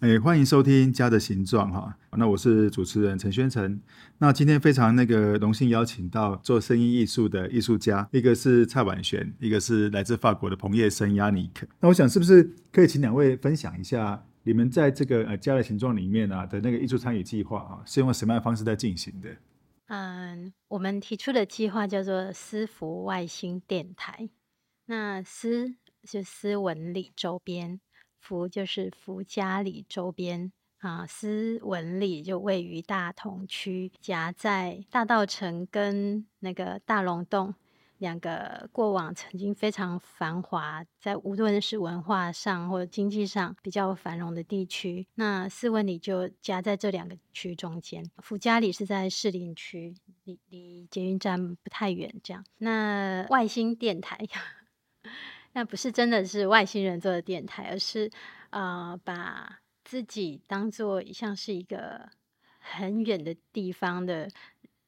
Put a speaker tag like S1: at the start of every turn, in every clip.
S1: 哎、欸，歡迎收聽《家的形狀、啊》，哈。那我是主持人陳宣成，那今天非常那個榮幸邀請到做聲音藝術的藝術家，一個是蔡婉璇，一個是來自法國的澎葉生亞尼克。那我想是不是可以請兩位分享一下，你們在這個呃家的形狀裡面啊的那個藝術參與計劃啊，是用什麼樣的方式在進行的？
S2: 嗯、呃，我們提出的計劃叫做“斯福外星電台”。那“斯”就是斯文里周邊。福就是福家裡週邊啊，斯、呃、文里就位於大同區，夾在大稻埕跟那個大龍峒兩個過往曾經非常繁華，在無論是文化上或者經濟上比較繁榮的地區。那斯文里就夾在這兩個區中間。福家里是在士林區，離離捷運站不太遠。這樣，那外星電台。呵呵那不是真的是外星人做的電台，而是，呃，把自己當做像是一個很遠的地方的，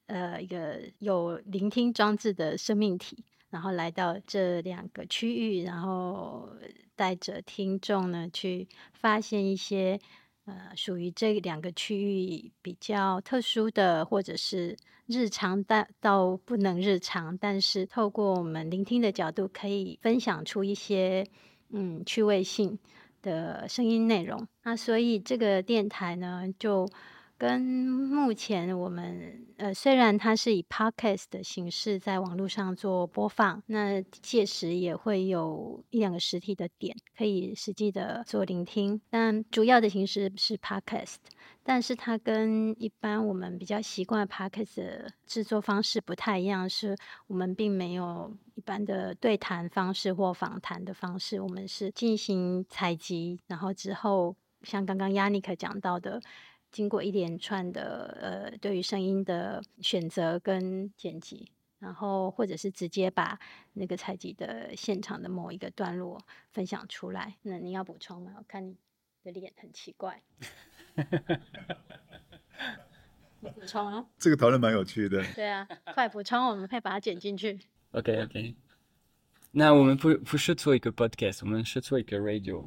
S2: 呃，一個有聆聽裝置的生命體，然後來到這兩個區域，然後帶着聽眾呢去發現一些。呃，屬於這兩個區域比較特殊的，或者是日常但到不能日常，但是透過我們聆聽的角度，可以分享出一些嗯趣味性的聲音內容。那，啊，所以這個電台呢，就。跟目前我們呃，雖然它是以 podcast 的形式在網絡上做播放，那屆時也會有一兩個實體的點可以實際的做聆聽，但主要的形式是 podcast。但是它跟一般我們比較習慣 podcast 的製作方式不太一樣，是我們並沒有一般的對談方式或訪談的方式，我們是進行採集，然後之後像剛剛亞尼克講到的。經過一連串的呃，對於聲音的選擇跟剪輯，然後或者是直接把那個採集的現場的某一個段落分享出來。那你要補充嗎？我看你的臉很奇怪。 補充
S3: 啊！這個討論蠻有趣的。
S2: 對啊，快補充，我們可以把它剪進去。
S3: OK OK put, put。那我們不 One 不是做一個 Podcast，我們是做一個 Radio，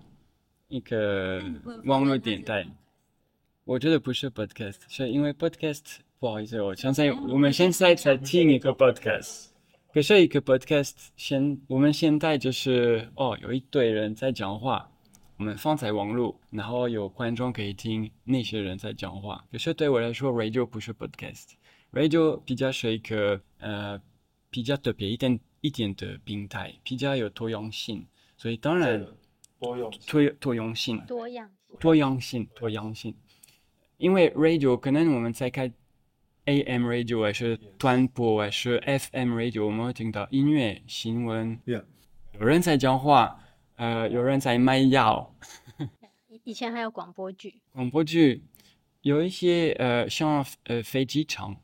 S3: 一個網絡電台。Thing, thing. 我覺得不是 podcast，是因為 podcast 不好意思，我現在、哎、呀我們現在才聽一個、個 podcast，可是一個 podcast 現我們現在就是哦，有一堆人在講話，我們放在網絡，然後有觀眾可以聽那些人在講話。可是對我來說，radio 不是 podcast，radio 比較是一個呃比較特別一點一點的平台，比較有多樣性，所以當然多樣多多樣性多樣性多樣性。因為 radio 可能我們在開 AM radio 還是團播還是 FM radio，我們會聽到音樂、新聞，Yeah. 有人在講話，呃，有人在賣藥。
S2: 以前還有廣播劇。
S3: 廣播劇有一些呃像呃飛機場，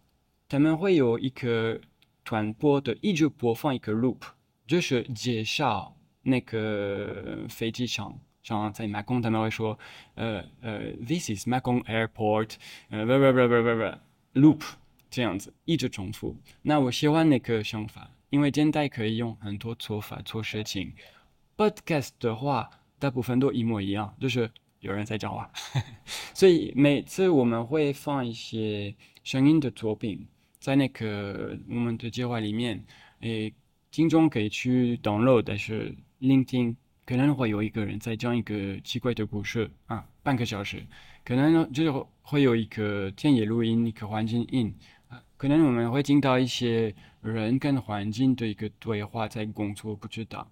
S3: 他們會有一個傳播的，一直播放一個 loop，就是介紹那個飛機場。像在馬公他們會說，呃呃，This is Magong Airport，呃，不不不不不不，loop 這樣子一直重複。那我喜歡那個想法，因為電台可以用很多做法做事情。Podcast 的話，大部分都一模一樣，就是有人在講話。 所以每次我們會放一些聲音的作品在那個我們的計劃裡面，欸、聽眾可以去 download 但是聆聽。可能會有一個人在講一個奇怪的故事啊，半個小時，可能就是會有一個田野錄音、一個環境音，可能我們會聽到一些人跟環境的一個對話在工作，不知道，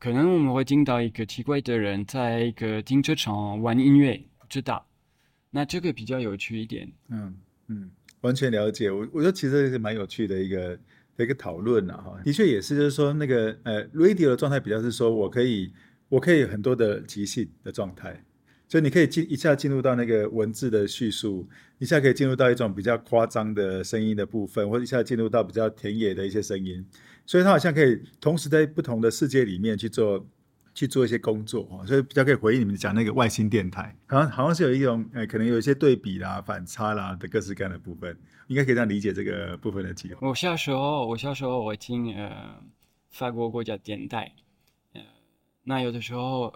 S3: 可能我們會聽到一個奇怪的人在一個停車場玩音樂，不知道，那這個比較有趣一點。嗯
S1: 嗯，完全了解，我我覺得其實也是蠻有趣的一個的一個討論了啊哈，的確也是，就是說那個呃，radio 的狀態比較是說我可以。我可以有很多的即興的狀態，所以你可以進一下進入到那個文字的敘述，一下可以進入到一種比較誇張的聲音的部分，或者一下進入到比較田野的一些聲音，所以它好像可以同時在不同的世界裡面去做去做一些工作，所以比較可以回應你們講那個外星電台，好像好像是有一種、呃、可能有一些對比啦、反差啦的各式各樣的部分，應該可以這樣理解這個部分的機會。
S3: 我小時候，我小時候我聽呃法國國家電台。那有的時候，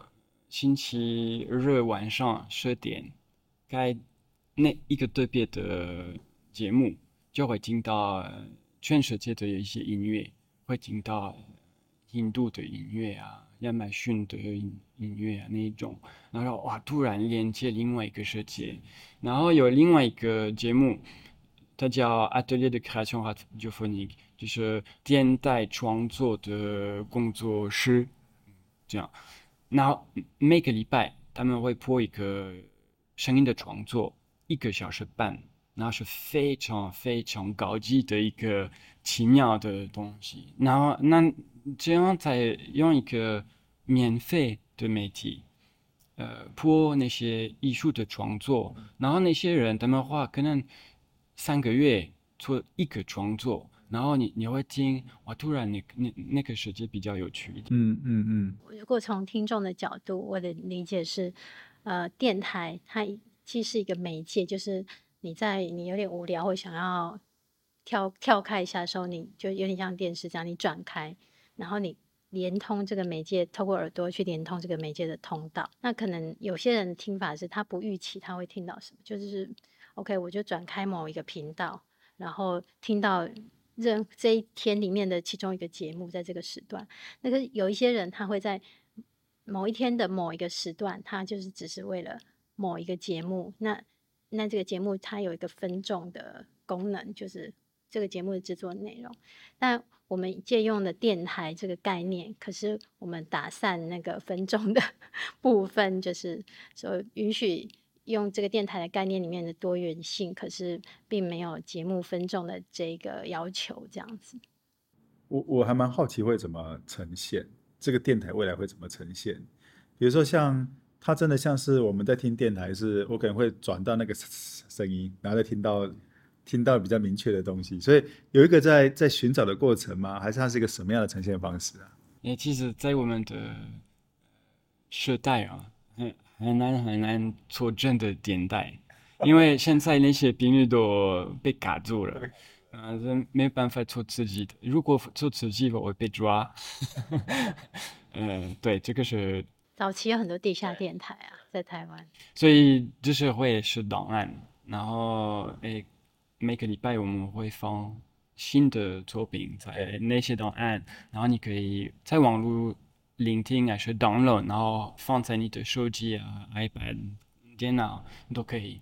S3: 星期日晚上十點，該那一個特別的節目，就會聽到全世界的一些音樂，會聽到印度的音樂啊，亞馬遜的音，音樂啊那一種。然後哇，突然連接另外一個世界。然後有另外一個節目，它叫 Atelier de création r i o o n i q u e 就是電台創作的工作室。這樣，然後每個禮拜他們會播一個聲音的創作，一個小時半，那是非常非常高級的一個奇妙的東西。然後，那這樣才用一個免費的媒體，呃，播那些藝術的創作，然後那些人他們話可能三個月做一個創作。然後你你會聽，我突然你那那個世界比較有趣一點。嗯。嗯嗯
S2: 嗯。如果從聽眾的角度，我的理解是，呃，電台它既是一個媒介，就是你在你有點無聊或想要跳跳開一下的時候，你就有點像電視這樣，你轉開，然後你連通這個媒介，透過耳朵去連通這個媒介的通道。那可能有些人的聽法是他不預期他會聽到什麼，就是 OK，我就轉開某一個頻道，然後聽到。任這一天裡面的其中一個節目，在這個時段，那個有一些人，他會在某一天的某一個時段，他就是只是為了某一個節目。那那這個節目它有一個分眾的功能，就是這個節目的製作內容。那我們借用了電台這個概念，可是我們打散那個分眾的 部分，就是說允許。用這個電台的概念裡面的多元性，可是並沒有節目分眾的這個要求，這樣子。
S1: 我我還蠻好奇會怎麼呈現這個電台未來會怎麼呈現。比如說像，像它真的像是我們在聽電台是，是我可能會轉到那個聲音，然後再聽到聽到比較明確的東西。所以有一個在在尋找的過程嗎？還是它是一個什麼樣的呈現方式啊？
S3: 其實在我們的時代啊。很難很難做真的電台，因為現在那些頻率都被卡住了，嗯、呃，沒辦法做自己的。如果做自己我會被抓。 嗯，對，這個是
S2: 早期有很多地下電台啊，在台灣，
S3: 所以就是會是檔案，然後誒、欸，每個禮拜我們會放新的作品在那些檔案，然後你可以在網絡。聆聽還是 download，然後放在你的手機啊、iPad、電腦都可以。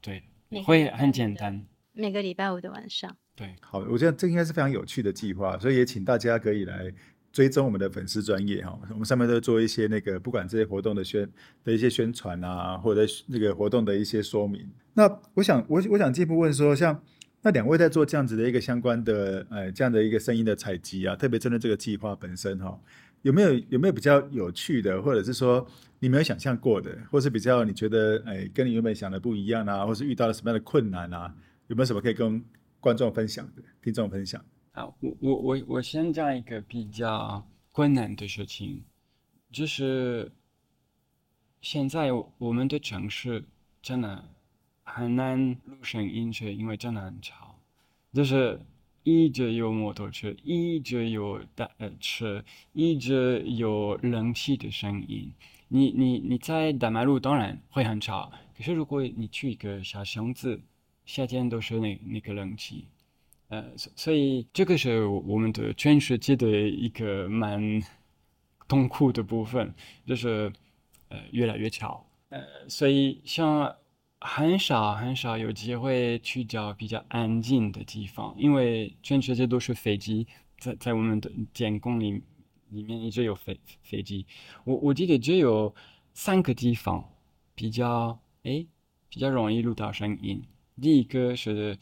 S3: 對，會很簡單。
S2: 每個禮拜五的晚上。
S1: 對，好，我覺得這應該是非常有趣的計劃，所以也請大家可以來追蹤我們的粉絲專業哈、哦。我們上面都做一些那個，不管這些活動的宣的一些宣傳啊，或者那個活動的一些說明。那我想，我我想進一步問說，像那兩位在做這樣子的一個相關的，呃，這樣的一個聲音的採集啊，特別針對這個計劃本身哈、啊。有沒有有沒有比較有趣的，或者是說你沒有想象過的，或是比較你覺得哎跟你原本想的不一樣啊，或是遇到了什麼樣的困難啊？有沒有什麼可以跟觀眾分享的、聽眾分享？
S3: 啊，我我我我先講一個比較困難的事情，就是現在我們的城市真的很難錄聲音，去因為真的很吵，就是。一直有摩托車，一直有大、呃、車，一直有冷氣的聲音。你你你在大馬路當然會很吵，可是如果你去一個小巷子，夏天都是那那個冷氣。呃，所所以這個是我們的全世界的一個蠻痛苦的部分，就是呃越來越吵。呃，所以像。很少很少有機會去找比較安靜的地方，因為全世界都是飛機在在我們的天空裡裡面，一直有飛飛機。我我記得只有三個地方比較哎比較容易錄到聲音。第一個是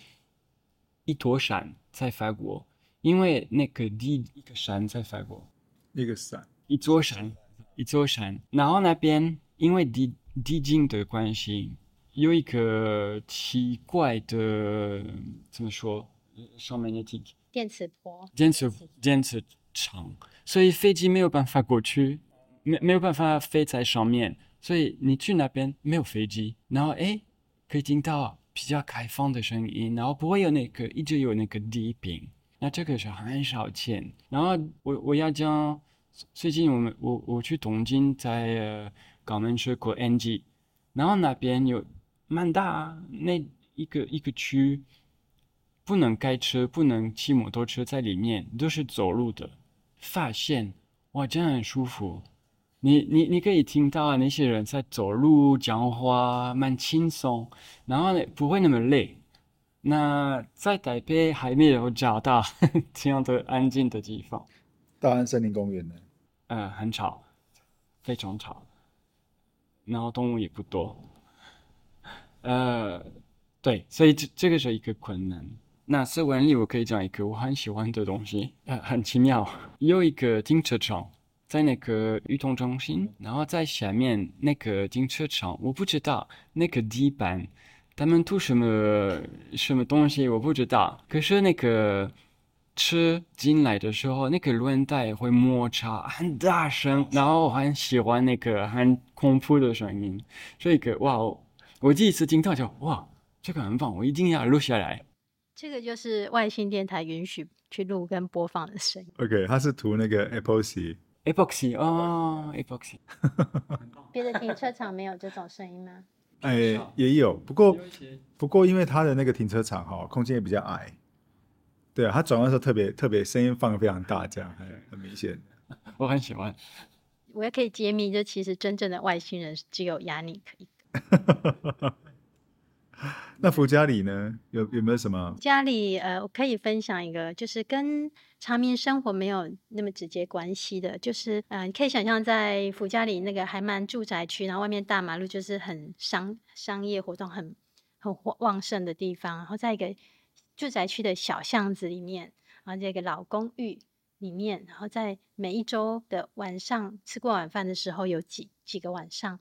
S3: 一座山在法國，因為那個地一個山在法國，那個山一座山一座山。山山嗯、然後那邊因為地地境的關係。有一個奇怪的，怎麼說？上面那幾
S2: 電磁波、電
S3: 磁電磁場，所以飛機沒有辦法過去，嗯、沒沒有辦法飛在上面。所以你去那邊沒有飛機，然後誒可以聽到比較開放的聲音，然後不會有那個一直有那個低頻。那這個是很少見。然後我我要講，最近我們我我去東京在、呃、港門區過 N G，然後那邊有。蠻大啊，那一個一個區，不能開車，不能騎摩托車在裡面，都是走路的。發現哇，真的很舒服。你你你可以聽到那些人在走路、講話，蠻輕鬆，然後呢，不會那麼累。那在台北還沒有找到這 樣的、安靜的地方。
S1: 大安森林公園呢？
S3: 呃，很吵，非常吵，然後動物也不多。呃，對，所以這這個是一個困難。那斯文里我可以講一個我很喜歡的東西，呃，很奇妙。有一個停車場，在那個運動中心，然後在下面那個停車場，我不知道那個地板他們塗什麼什麼東西，我不知道。可是那個車進來的時候，那個輪胎會摩擦，很大聲，然後我很喜歡那個很恐怖的聲音。這個哇哦！我自己吃驚到說：“哇，這個很棒，我一定要錄下來。”
S2: 這個就是外星電台允許去錄跟播放的聲音。
S3: OK，它是塗那個 epoxy，epoxy
S1: 哦，epoxy。Xy, oh,
S2: 別的停車場沒有這種聲音嗎？
S1: 哎，也有，不過不過因為它的那個停車場哈，空間也比較矮。對啊，他轉彎時候特別特別聲音放的非常大，這樣很明顯，
S3: 我很喜歡。
S2: 我也可以揭秘，就其實真正的外星人只有 Yannick
S1: 那福家裡呢？有有沒有什麼？
S2: 家裡呃，我可以分享一個，就是跟常民生活沒有那麼直接關係的，就是呃，你可以想象在福家裡那個還蠻住宅區，然後外面大馬路就是很商商業活動很很旺盛的地方，然後在一個住宅區的小巷子裡面，然後一個老公寓裡面，然後在每一週的晚上吃過晚飯的時候，有幾幾個晚上。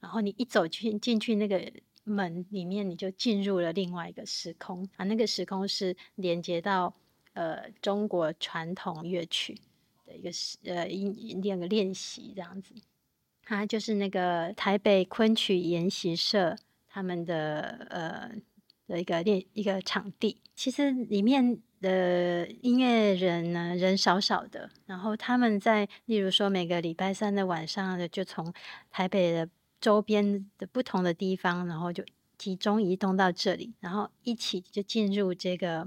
S2: 然後你一走進進去那個門裡面，你就進入了另外一個時空啊。那個時空是連接到呃中國傳統樂曲的一個是呃一兩個練習這樣子，他、啊、就是那個台北昆曲研習社他們的呃的一個練一個場地。其實裡面的音樂人呢人少少的，然後他們在例如說每個禮拜三的晚上，就從台北的周邊的不同的地方，然後就集中移動到這裡，然後一起就進入這個。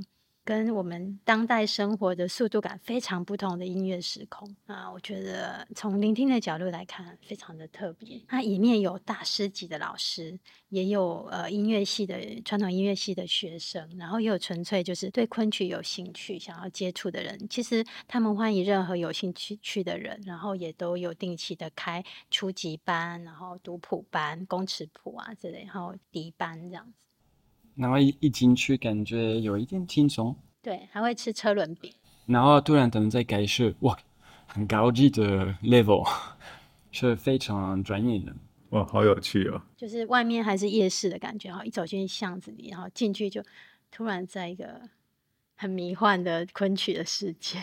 S2: 跟我們當代生活的速度感非常不同的音樂時空啊，我覺得從聆聽的角度來看，非常的特別。它裡面有大師級的老師，也有呃音樂系的傳統音樂系的學生，然後也有純粹就是對崑曲有興趣想要接觸的人。其實他們歡迎任何有興趣去的人，然後也都有定期的開初級班，然後讀譜班、工尺譜啊之類，然後笛班這樣子。
S3: 然後一,一進去，感覺有一點輕鬆。
S2: 對，還會吃車輪餅。
S3: 然後突然他們在開始，哇，很高級的 level，是非常專業的。哇，好有趣哦！
S2: 就是外面還是夜市的感覺，然後一走進一巷子裡，然後進去就突然在一個很迷幻的崑曲的世界。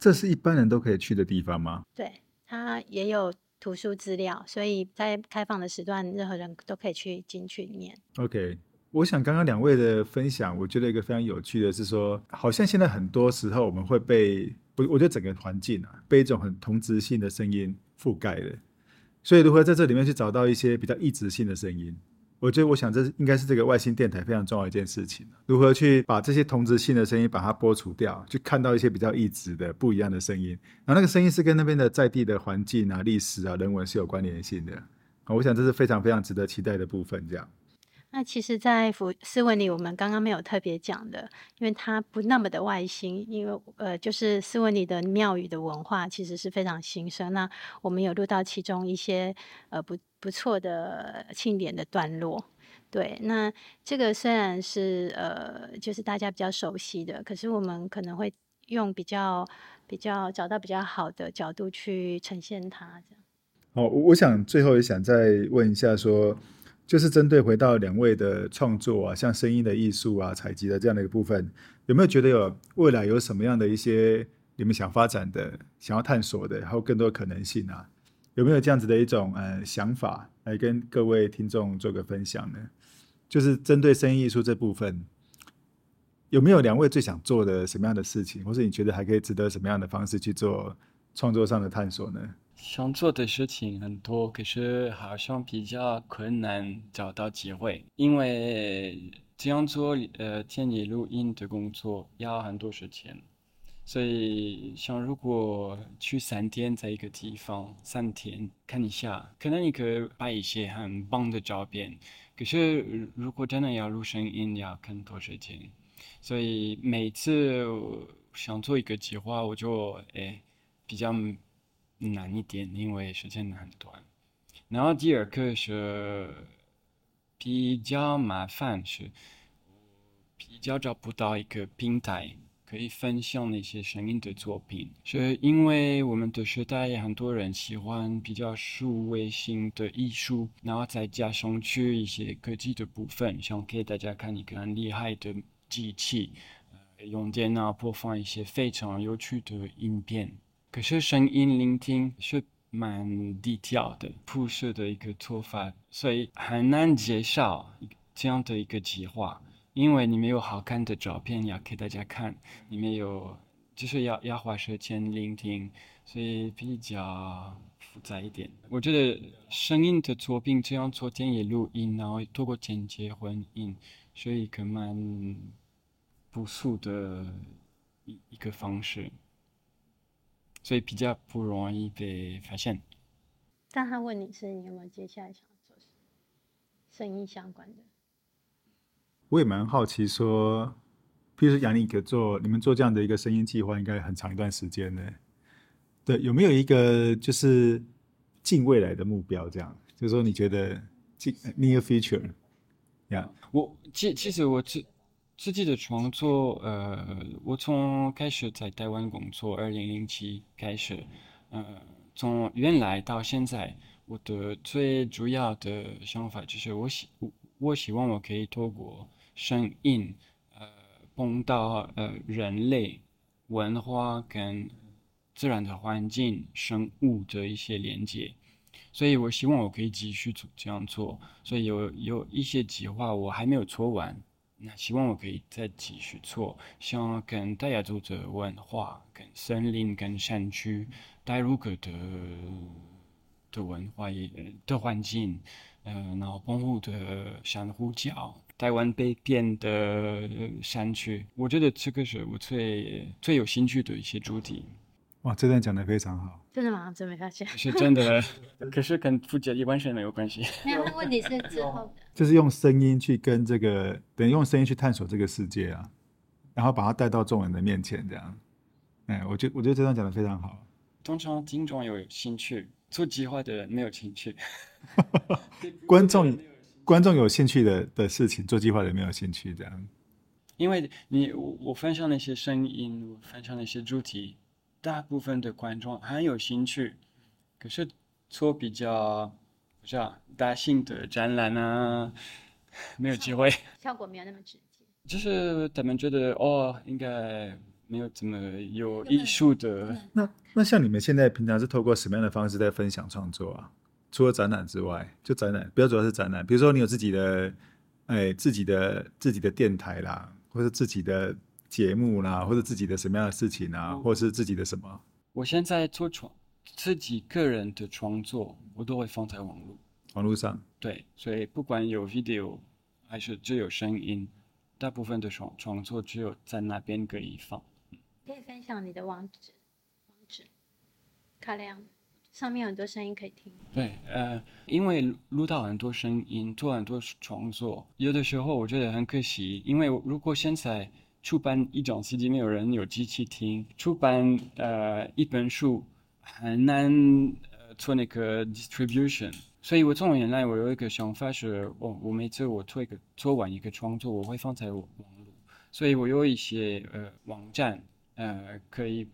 S1: 這是一般人都可以去的地方嗎？
S2: 對，它也有圖書資料，所以在開放的時段，任何人都可以去進去念。
S1: OK。我想剛剛兩位的分享，我覺得一個非常有趣的是說，好像現在很多時候我們會被不，我覺得整個環境啊，被一種很同質性的聲音覆蓋了。所以如何在這裡面去找到一些比較異質性的聲音，我覺得我想這是應該是這個外星電台非常重要的一件事情。如何去把這些同質性的聲音把它撥除掉，去看到一些比較異質的不一樣的聲音，然後那個聲音是跟那邊的在地的環境啊、歷史啊、人文是有關聯性的。我想這是非常非常值得期待的部分，這樣。
S2: 那其實，在富斯文裡，我們剛剛沒有特別講的，因為它不那麼的外星。因為呃，就是斯文裡的廟宇的文化其實是非常新生。那我們有錄到其中一些呃不不錯的慶典的段落。對，那這個雖然是呃，就是大家比較熟悉的，可是我們可能會用比較比較找到比較好的角度去呈現它。這樣。
S1: 好，我我想最後也想再問一下說。就是針對回到兩位的創作啊，像聲音的藝術啊、採集的這樣的一個部分，有沒有覺得有未來有什麼樣的一些你們想發展的、想要探索的，還有更多的可能性啊？有沒有這樣子的一種呃想法來跟各位聽眾做個分享呢？就是針對聲音藝術這部分，有沒有兩位最想做的什麼樣的事情，或者你覺得還可以值得什麼樣的方式去做創作上的探索呢？
S3: 想做的事情很多，可是好像比較困難找到機會，因為這樣做，呃，建議錄音的工作要很多時間。所以想如果去三天在一個地方三天看一下，可能你可以拍一些很棒的照片，可是如果真的要錄聲音，要看多時間。所以每次想做一個計劃，我就誒、欸、比較，難一點，因為時間很短。然後第二課是比較麻煩，是比較找不到一個平台可以分享那些聲音的作品，是因為我們的時代很多人喜歡比較數位性的藝術，然後再加上去一些科技的部分，想給大家看一個很厲害的機器，呃，用電腦播放一些非常有趣的影片。可是聲音聆聽是蠻低調的，樸實的一個做法，所以很難介紹這樣的一個計劃，因為你沒有好看的照片要給大家看，你沒有，就是要要花時間聆聽，所以比較複雜一點。我覺得聲音的作品這樣昨天也錄音，然後透過剪接混音，所以可蠻樸素的一一個方式。所以比較不容易被發現。
S2: 但他問你是你有沒有接下來想要做，聲音相關的？
S1: 我也蠻好奇說，譬如 Yannick 做你們做這樣的一個聲音計劃，應該很長一段時間呢。對，有沒有一個就是近未來的目標這樣？就是說你覺得近，是近 near future，呀，yeah？
S3: 我其其實我這。自己的創作，呃，我從開始在台灣工作，二零零七開始，呃，從原來到現在，我的最主要的想法就是我，我希我希望我可以透過聲音，呃，碰到呃人類文化跟自然的環境、生物的一些連接，所以我希望我可以繼續做這樣做，所以有有一些計劃我還沒有做完。那希望我可以再繼續做，像跟泰雅族的文化、跟森林、跟山區、太魯閣的的文化也的環境，呃，然後豐富的珊瑚礁，台灣北邊的山區，我覺得這個是我最最有興趣的一些主題。
S1: 哇，這段講得非常
S3: 好，
S2: 真的嗎？真沒發現，是真的。
S3: 可是跟朱姐完全沒有關係。沒有，
S2: 問題是之
S1: 後的，就是用聲音去跟這個，等於用聲音去探索這個世界啊，然後把它帶到眾人的面前，這樣。哎，我就我覺得這段講得非常好。
S3: 通常聽眾有興趣，做計劃的人沒有興趣，
S1: 觀眾，觀眾有興趣的的事情，做計劃的人沒有興趣，這樣。
S3: 因為你我分享那些聲音，我分享那些主題。大部分的觀眾很有興趣，可是做比較不知道大型的展覽啊，沒有機會效。效果沒有那麼直接，就是他們覺得哦，應該沒有怎麼有藝術的。有有那那
S1: 像你們現在平常是透過什麼樣的方式在分享創作啊？除了展覽之外，就展覽比較主要是展覽。比如說你有自己的哎，自己的自己的電台啦，或者自己的。節目啦、啊，或者自己的什麼樣的事情啊，嗯、或者是自己的什麼？
S3: 我現在做創，自己個人的創作，我都會放在網絡。網絡上。對，所以不管有 video 還是只有聲音，大部分的創創作只有在那邊可以放。可
S2: 以分享你的網址，網址，卡亮，上面有很多聲音可以聽。
S3: 對，呃，因為錄到很多聲音，做很多創作，有的時候我覺得很可惜，因為如果現在。出版一張 CD，沒有人有機器聽。出版呃一本書很難、呃、做那個 distribution，所以我從原來我有一個想法是我、哦、我每次我做一個做完一個創作，我會放在我網絡，所以我有一些呃網站呃可以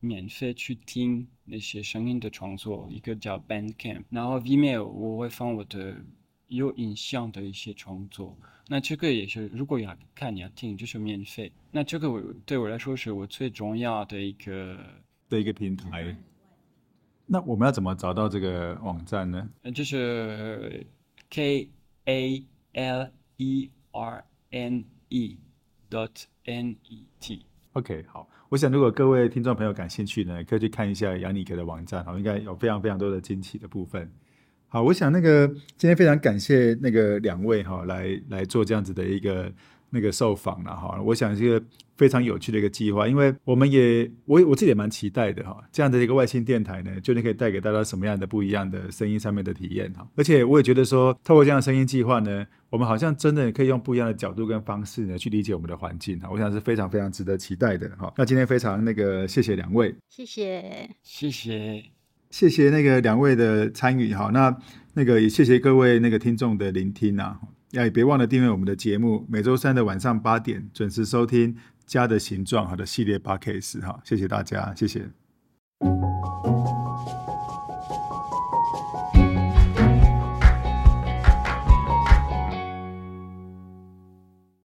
S3: 免費去聽那些聲音的創作，一個叫 Bandcamp，然後 Vmail 我會放我的。有影像的一些創作，那這個也是，如果要看要聽就是免費。那這個我對我來說是我最重要的一個的一個平台。
S1: 個那我們要怎麼找到這個網站呢？嗯、
S3: 呃，就是 k a l e r n e dot n e t。
S1: OK，好，我想如果各位聽眾朋友感興趣呢，可以去看一下楊尼克的網站，好，應該有非常非常多的驚喜的部分。好，我想，那個今天非常感謝那個兩位哈、哦、來來做這樣子的一個那個受訪了、啊、哈、哦。我想是一個非常有趣的一個計劃，因為我們也我我自己也蠻期待的哈、哦。這樣的一個外星電台呢，究竟可以帶給大家什麼樣的不一樣的聲音上面的體驗哈、哦？而且我也覺得說，透過這樣的聲音計劃呢，我們好像真的也可以用不一樣的角度跟方式呢去理解我們的環境哈、哦。我想是非常非常值得期待的哈、哦。那今天非常那個謝謝兩位，
S3: 謝謝，謝謝。
S1: 謝謝那個兩位的參與哈，那那個也謝謝各位那個聽眾的聆聽啊，也別忘了訂閱我們的節目，每周三的晚上八點準時收聽《家的形狀》，好的，系列八 case 哈，謝謝大家，謝謝。